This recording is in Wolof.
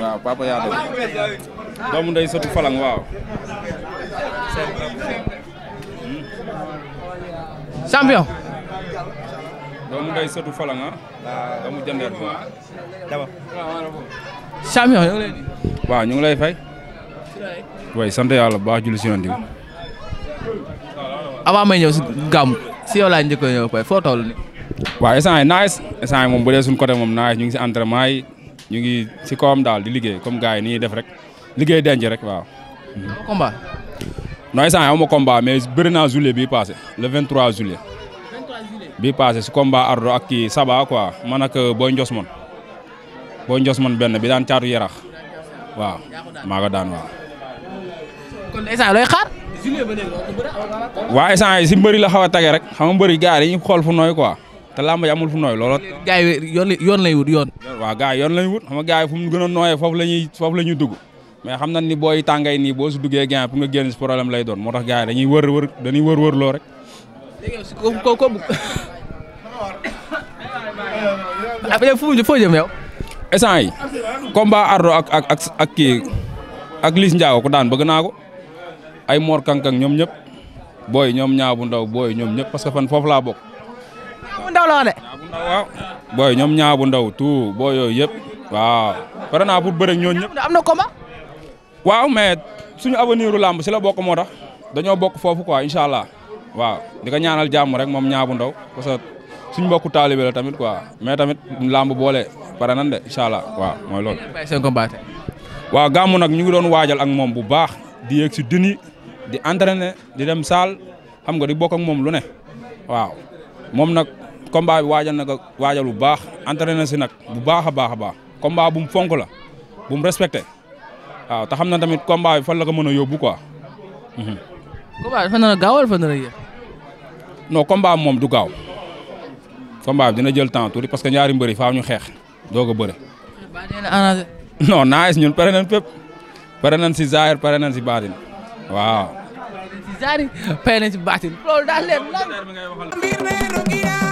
waaw papa yaa def day ndey falang waaw. champion. doomu ndey sotu falang ah. waaw. ñu ngi lay. waaw fay. way sant yàlla baax julli si nañ avant may ñëw si gàmm si yow laa njëkkoon ñëw fay foo toll nii. waaw instant yii naaj instant yii moom bu dee moom naaj ñu ngi si entraînement yi. ñu ngi si kawam daal di liggéey comme gars yi ni def rek liggéey denc rek waaw. combat. non instant yii amuma combat mais bii passé le 23 juillet. 23 juillet bii passé si combat Ardo ak kii Saba quoi man ak euh, Boy Ndios man Boy Ndios man benn bi daan caatu yarax waaw maa daan waaw. kon instant looy si mbëri la xaw a tagee rek xam mbëri gars yi dañuy fu nooy quoi. te làmb ji amul fu nooy looloo. gars yoon yoon lay wut yoon. waa gars yoon lay wut xam nga fu mu gën a nooyee foofu la ñuy foofu la dugg mais xam nañ ni booy tàngay ni boo si duggee gain pour nga génn si problème lay doon moo tax gars yi dañuy wër wër dañuy wër wër loo rek. léegi fu mu foo jëm yow. essence yi combat Ardo ak ak ak ak daan bëgg naa ko ay Mor Kankang ñoom ñëpp booy ñoom ñaabu ndaw booy ñoom ñëpp parce fan foofu laa bokk. bu ndaw la waaw booy ñoom ñaa bu ndaw tout booy yooyu yëpp waaw pare naa pour bëre ñooñu ñëpp. am na combat. waaw mais suñ avenir u làmb si la bokk moo dañoo bokk foofu quoi incha allah waaw di ko ñaanal jàmm rek moom ñaa bu ndaw parce suñ mbokku taalibe tamit ko mais tamit làmb boole pare nan de incha allah waaw mooy loolu. waaw gàmmu nag ñu ngi doon waajal ak moom bu baax di yegg si duni di entraîner di dem saal xam nga di bokk ak moom lu ne waaw moom nag combat bi waajal na ko waajal bu baax entraîné si nag bu baax a baax a baax combat bu mu fonk la bu mu respecté waaw te xam na tamit combat bi fan la ko mën a yóbbu quoi. Mhm. combat dafa nar a gaaw wala fa nar a yéex non combat bi moom du gaaw combat bi dina jël temps tuuti parce que ñaari mbëri faaw ñu xeex doo a bëre. non naaj ñun pare nañ fépp pare nañ si zaahir pare nañ si baatin waaw. pare nañ si baatin loolu